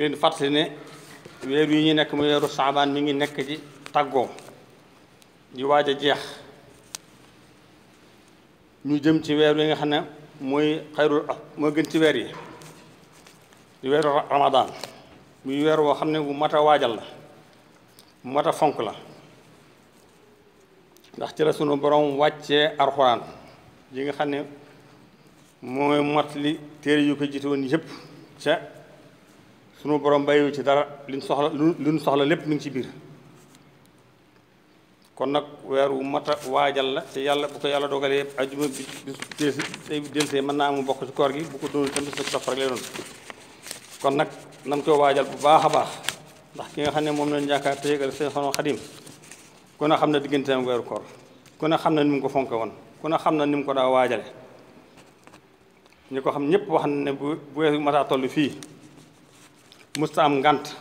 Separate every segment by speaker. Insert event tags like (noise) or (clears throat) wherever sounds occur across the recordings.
Speaker 1: ngi leen ne weer yi ñu nekk mu weeru saabaan mu ngi nekk ci tàggoo di waaj a jeex ñu jëm ci weer yi nga xam ne mooy xayrul moo gën ci weer yi di weeru ramadaan muy weer woo xam ne bu mat a waajal la bu mat a fonk la ndax ci la sunu borom wàccee arxuraan yi nga xam ne mooy mat li téere yu ko jiitoon yëpp ca sunu borom bayu ci dara liñ soxla lu ñu soxla lépp mu ngi ci biir kon nag weer wu a waajal la te yàlla bu ko yàlla dogalee ajuma bi bis delsee mën naa amu bokk ci koor gi bu ko doonul tam bis na topp rek kon nag nan koy waajal bu baax a baax ndax ki nga xam ne moom lañ yaakaar te yëgal seen xanom xadim ku ne xam ne digganteem weeru koor ku ne xam ne ni mu ko fonke woon ku ne xam ne ni mu ko daa waajale ñu ko xam ñépp wax na ne bu bu weeru mataa toll fii musta am ngant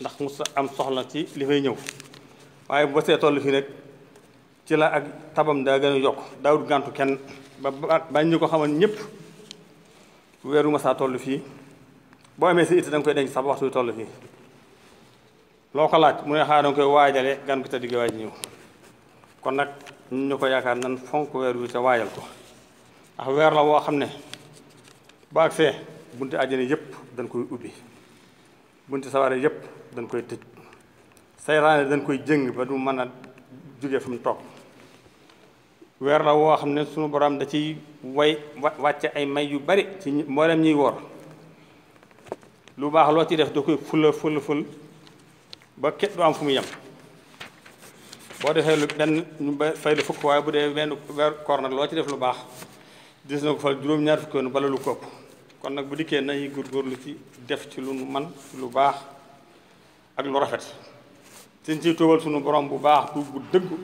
Speaker 1: ndax musta am soxla ci li fay ñëw waaye bu see toll fii rek ci la ak tabam daa gën a yokk daawut gàntu kenn ba bañ ñu ko xamal ñëpp weeru masaa toll fii boo amee si it da koy denc sax ba waxtu toll fii loo ko laaj mu ne xaar danga koy waajale gan ko te di waaj ñëw kon nag ñun ñu ko yaakaar nan fonk weer wi te waajal ko ndax weer la woo xam ne bu agsee bunti àjjana yëpp dañ koy ubbi bunti sawara yëpp dañ koy tëj saytaane dañ koy jëng ba du mën a jóge fa mu toog weer la woo xam ne sunu borom da ciy way wàcce ay may yu bari ci mboolem ñuy woor lu baax loo ci def da koy fula ful ful ba ket du am fu mu yem boo defee lu benn ñu ba fay lu fukk waaye bu dee benn koor nag loo ci def lu baax gis na ko fal juróom-ñaar fukki yoon bala lu kopp kon nag bu dikkee nañuy góorgóorlu ci def ci lu nu man lu baax ak lu rafet suñ ciy tuubal sunu borom bu baax tuub bu moo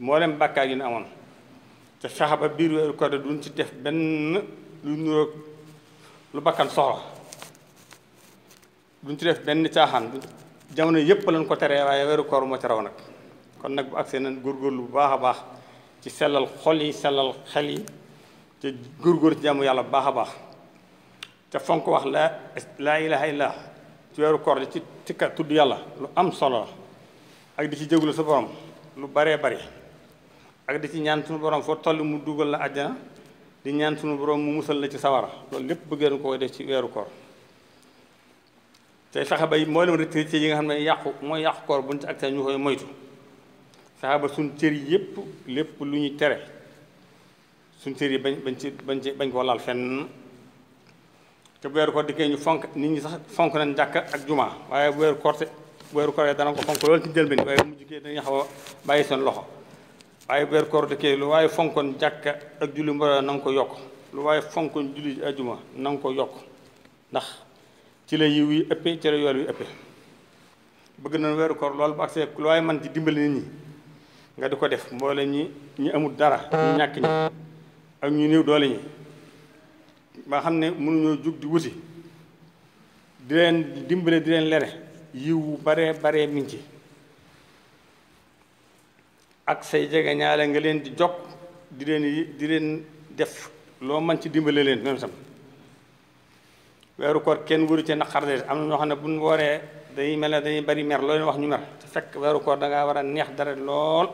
Speaker 1: mboolem bàkkaar yi ne amoon te fexe ba biir weeru koor duñ ci def benn lu nuroog lu bakkan soxla duñ ci def benn caaxaan jamono yëpp lañ ko teree waaye ci raw nag kon nag bu agsee nañ góorgóorlu bu baax a baax ci sellal xol yi sellal xel yi te góorgóor ci jàmm yàlla bu baax a baax te fonk wax la laa ilaha illah ci weeru koor di ci tikka tudd yàlla lu am solo la ak di ci jéglu sa borom lu baree bari ak di ci ñaan sunu borom foo toll mu dugal la àjjana di ñaan sunu borom mu musal la ci sawara loolu lépp bëggeen ko def ci weeru koor tey fexe ba mboolem rëcc yi nga xam ne yàqu mooy yàqu koor buñ ci ak ñu koy moytu fexe suñ cër yépp lépp lu ñuy tere suñ cër yi bañ bañ ci bañ ci bañ koo laal fenn te bu weeru koor dikkee ñu fonk nit ñi sax fonk nañ jàkka ak juma waaye bu weeru koor te bu weeru koor dana ko fonk loolu ci njëlbeen waaye bu a bàyyi seen loxo waaye bu weeru koor dikkee lu waaye fonkoon jàkka ak julli mbooloo yokk lu waaye fonkoon julli ajuma na yokk ndax ci la yiw yi ëppee ci la yool yi weeru koor loolu bu agsee man di dimbali nit ñi nga di ko def mboole ñi ñi amul dara ñu ñàkk ñi ak ñu néew doole ñi ba xam ne mënuñoo jug di wuti di leen dimbale di leen lere yiwu bare bare mi ci ak say jege ñaale nga leen di jog di leen di leen def loo man ci dimbale leen même sam koor kenn waru ci naqar de am na xam ne buñ wooree dañuy mel ne dañuy bari mer loo leen wax ñu mer te fekk weeru koor da war a neex dara lool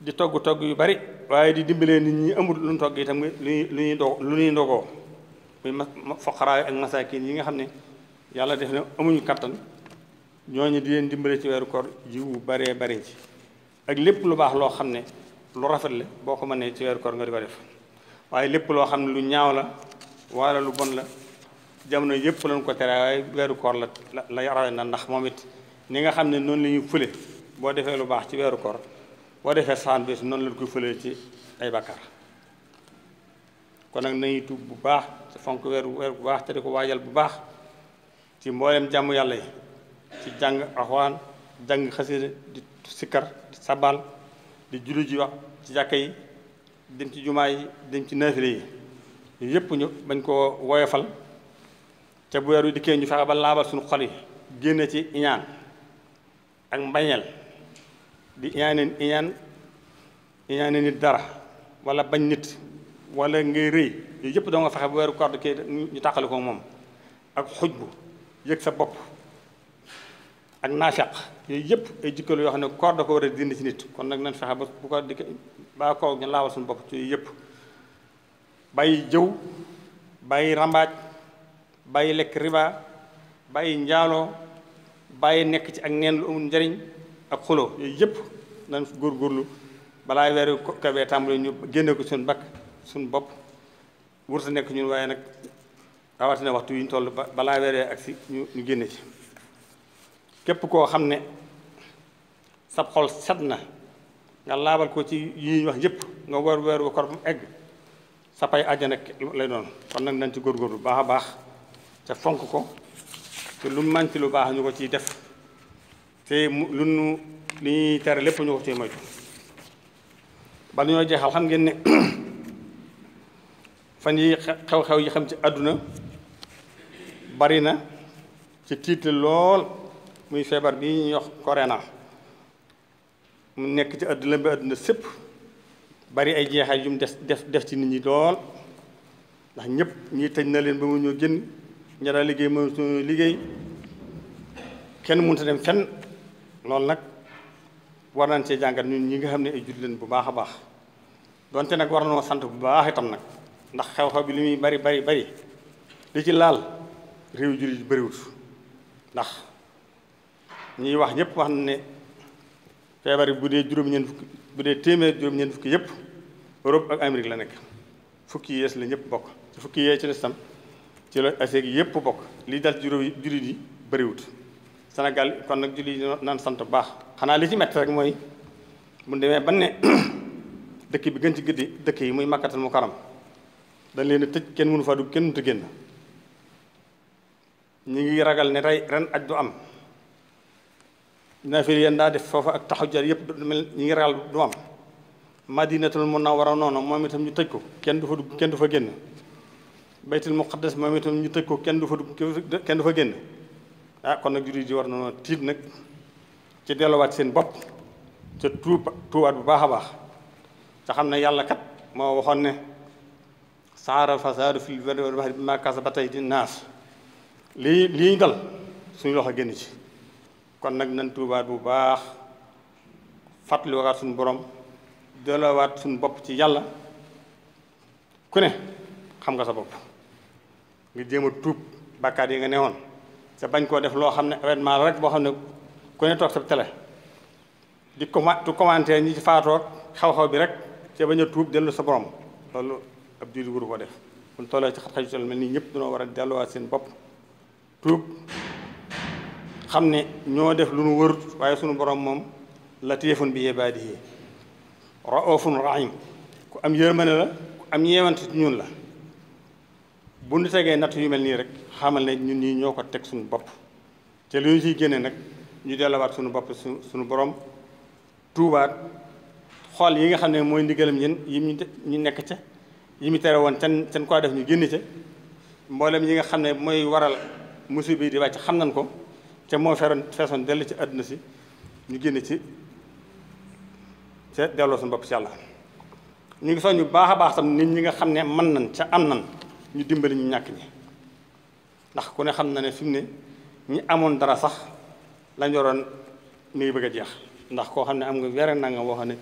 Speaker 1: di togg togg yu bari waaye di dimbalee nit ñi amul lu ñu togg itam lu ñuy lu ñuy ndogoo muy foqaraayu ak masaakin yi nga xam ne yàlla def na amuñu kattan ñooñu di leen dimbale ci weeru koor jiwu baree baree ci ak lépp lu baax loo xam ne lu rafet la boo ko mënee ci weeru koor nga di ko def waaye lépp loo xam ne lu ñaaw la wala lu bon la jamono yëpp lan ko tere waaye weeru koor la la rawe na ndax moom it ni nga xam ne noonu la ñuy fule boo defee lu baax ci weeru koor boo defee saxaan bi noonu lañ koy fëlee ci ay bakkaar kon nag nañu tuub bu baax ci fonk weer weer bu baax te di ko waajal bu baax ci mboolem jàmm yàlla yi ci jàng axwaan jàng xasida di sikkar di sabal di julli ji wax ci jàkka yi dem ci jumaa yi dem ci naafile yi yëpp ñu bañ koo woyofal te bu weer wi dikkee ñu fexe ba laabal suñu xol yi génne ci iñaan ak mbañeel di iñaane iñaan iñaane nit dara wala bañ nit wala ngay rëy yooyu yëpp doo nga fexe bu weeru koor di ñu tàqali ko moom ak xuj bu yëg sa bopp ak naafeq yooyu yëpp ay jikkalu yoo xam ne koor da ko war a dindi ci nit kon nag nañ fexe ba bu ko di baa koor ñu laawal suñu bopp ci yooyu yëpp bàyyi jëw bàyyi rambaaj bàyyi lekk riba bàyyi njaaloo bàyyi nekk ci ak neen lu amul njariñ ak xuloo yooyu yëpp nañ góor góorlu balaa weeru kawee tàmbali ñu génne ko suñu bag suñu bopp wurta nekk ñun waaye nag rawatina waxtu yu ñu toll balaa weeree ak si ñu ñu génne ci képp koo xam ne sab xol set na nga laabal ko ci yi ñuy wax yëpp nga weer weer wu korom egg sa pay àjjana lay doon kon nag nañ ci góor góorgóorlu baax a baax te fonk ko te lu ci lu baax ñu ko ciy def te mu lu nu li ñuy tere lépp ñu ko cee moytu ba ñoo jeexal xam ngeen ni (clears throat) fan yi xew-xew yi xam ci àdduna bari na ci tiital lool muy feebar bi ñu yox corona mu nekk ci àdduna bi àdduna sépp bari ay jeexal yu mu def def ci nit ñi lool ndax ñëpp ñi tëj na leen ba mu ñoo génn ña daa liggéey mënatuñu liggéey kenn mënut a fenn loolu nag war nañ cee jàngat ñun ñi nga xam ne ay jullit leen bu baax a baax donte nag war nañoo sant bu baax itam nag ndax xew-xew bi li muy bari bari bari li ci laal réew jullit bariwut ndax ñiy wax ñëpp wax na ne feebar bu dee juróom-ñeent fukki bu dee téeméer juróom-ñeent fukki yëpp Europe ak Amérique la nekk fukki yees la ñëpp bokk ci fukki yee ci des tam ci la Asie gi yëpp bokk li dal juróom jullit yi bariwut senegal kon nag julli naan sant bu baax xanaa li ci métti rek mooy mu demee ban (coughs) dëkk bi gën ci gëddi dëkk yi muy makkatal mu kanam dañ leen tëj kenn mënu faa dugg kenn mënut a génn ñu ngi ragal ne tey ren aj du am naafil yéen daa def foofa ak taxaw yëpp mel ñu ngi ragal du am madinatul munawwara noonu moom itam ñu tëj ko kenn du fa dugg kenn du fa génn baytul muqaddas moom itam ñu tëj ko kenn du fa dugg kenn du fa génn ah kon nag juri ji war na tiit nag ci dellowaat seen bopp ca tuub tuubaat bu baax a baax te xam na yàlla kat moo waxoon ne saara fasaadu fil barri wal bahri bimaa kasabat aydi naas lii lii dal suñ loxo génn ci kon nag nan tuubaat bu baax fàttali waxaat suñu borom delluwaat suñu bopp ci yàlla ku ne xam nga sa bopp nga jéem a tuub bàkkaar yi nga newoon te bañ koo def loo xam ne événement rek boo xam ne ku ne toog sa télé di comment du commenter ñi ci faatoog xaw-xaw bi rek te bañ a tuub dellu sa borom loolu ab jullit wuru ko def buñ tollee ci xat-xat yu mel nii ñëpp dañoo war a delluwaat seen bopp tuub xam ne ñoo def lu nu wërut waaye suñu borom moom latiifun bi ibaadihi raufun rahim ku am yërmande la ku am yeewante ñun la bu nu tegee natt yu mel nii rek xamal ne ñun ñii ñoo ko teg suñu bopp te lu ñu ciy génne nag ñu delluwaat suñu bopp su suñu borom tuubaat xool yi nga xam ne mooy ndigalam yéen yi mu ñu nekk ca yi mu tere woon can can quoi def ñu génn ca mboolem yi nga xam ne mooy waral musiba yi di wàcc xam nañ ko te moo feroon feesoon dellu ci àdduna si ñu génn ci te delloo suñu bopp ci yàlla ñu ngi soññu baax a baax tam nit ñi nga xam ne mën nañ ca am nañ ñu dimbali ñu ñàkk ñi ndax ku ne xam na ne fi mu ne ñi amoon dara sax lañ yoroon mi ngi bëgg a jeex ndax koo xam ne am nga weer nangam boo xam ne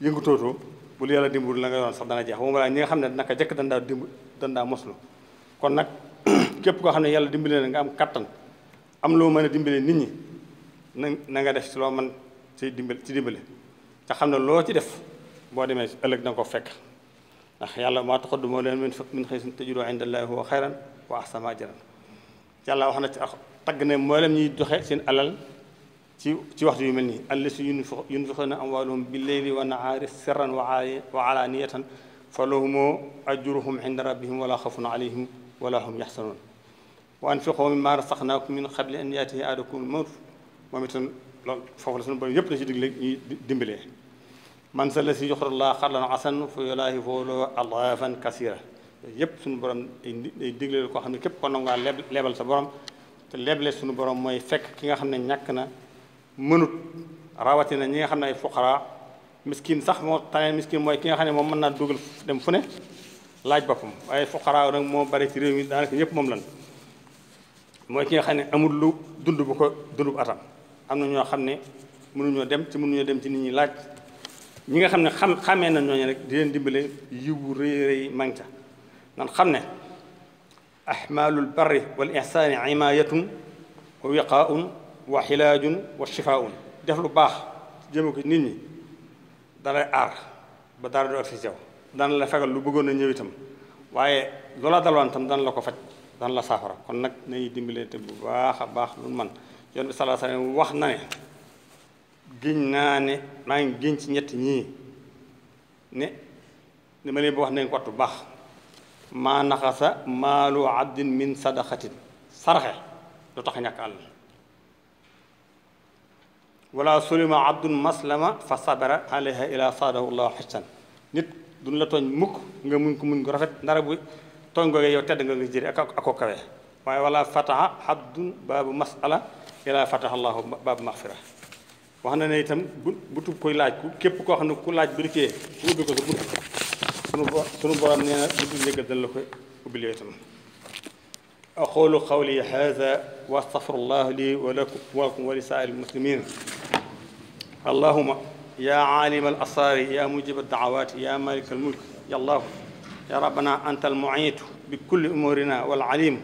Speaker 1: yëngutootoo bu yàlla dimbali la nga yoroon sax dana jeex moom laa ñi nga xam ne naka jëkk dandaa dimb dandaa moslu kon nag (clears throat) képp koo xam ne yàlla dimbali na nga am kattan am loo mën a dimbali nit ñi na na def si loo man ci dimbali ci dimbali te xam ne loo ci def boo demee ëllëg na ko fekk ndax yàlla maa taqaddama leen min min xëy sin tajidu indallahi huwa xayran wa ahsana ajran yàlla wax na ci tagg ne mboolem ñuy joxe seen alal ci ci waxtu yu mel nii allasi yunfiquna amwaaluhum bi leyli wa nahaari sirran wa alaaniyatan fa lahumu ajruhum inda rabbihim wala xawfun alayhim wala hum yaxsanuun wa anfiqu mimmaa razaqnaakum min qabli an yaatiya ahadakumul mawt moom itam loolu foofu la suñu borom yëpp la ci digle ñuy dimbalee man sa la si yoxrallah xarlan asan fu yolaayi fooloo adafan kasira yooyu yëpp suñu borom ay digleel koo xam ne képp ko nangaa leb lebal sa borom te leble suñu boroom mooy fekk ki nga xam ne ñàkk na mënut rawatina ñi nga xam ne ay fuqara miskin sax moo taneen miskin mooy ki nga xam ne moom mën naa dugal dem fu ne laaj boppam waaye fuqara nag moo bari ci réew mi daanaka ñëpp moom lan ki xam ne amul lu dund bu ko dund bu atam am na ñoo xam ne mënuñoo dem ci mënuñoo dem ci nit ñi laaj ñi nga xam ne xam xàmmee na ñooñu rek di leen dimbale yiwu rëy rëy mang ca nan xam ne ahmaalul barri wal ihsaani imaayatun wa wiqaaun wa xilaajun wa shifaaun def lu baax jëme nit ñi dalay aar ba dara du agsi yow dana la fegal lu bëggoon a ñëw itam waaye loola dalwaan itam dana la ko faj dana la saafara kon nag nañuy dimbale bu baax a baax lu man yoon wax na giñ naa ne maa ngi ci ñett ñii ne dama leen bu wax nañ ko wattu baax maa naxasa maalu abdin min sadaqatin saraxe du tax ñàkk àll wala sulima abdun maslama fa sabara alayha ila saadahu llahu xajtan nit duñ la tooñ mukk nga muñ ko muñ ko rafet ndara bu tooñ googee yow tedd nga nga jëri ak ako kawe waaye wala fataha abdun baabu masala ila fataha allahu baabu maxfira wax na ne itam bu butub koy laaj ku képp koo xam ne ku laaj bu dikkee ku ubbi ko sa bunt sunu sunu borom nee na buntu njëggal dana la ko ubbilee itam aqulu qawli hada wa astafirullah li wa lakum wa li saa'iri muslimin allahuma ya aalima al asraari ya mujiba daawaati ya malika al mulk ya allahu ya rabbana anta al muiitu bi kulli umurina wal alimu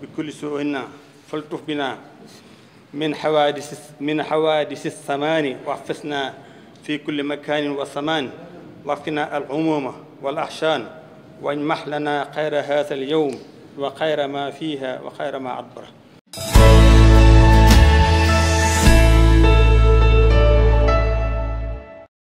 Speaker 1: bi kulli suina faltuf bina min xawaadisi min xawaadisi samaani waxfisna fi kulli makaanin wa samaan waxfina al umuma wal ahsaan wañ max lana xayra haasa al yowm wa xayra ma fiiha wa xayra ma adbara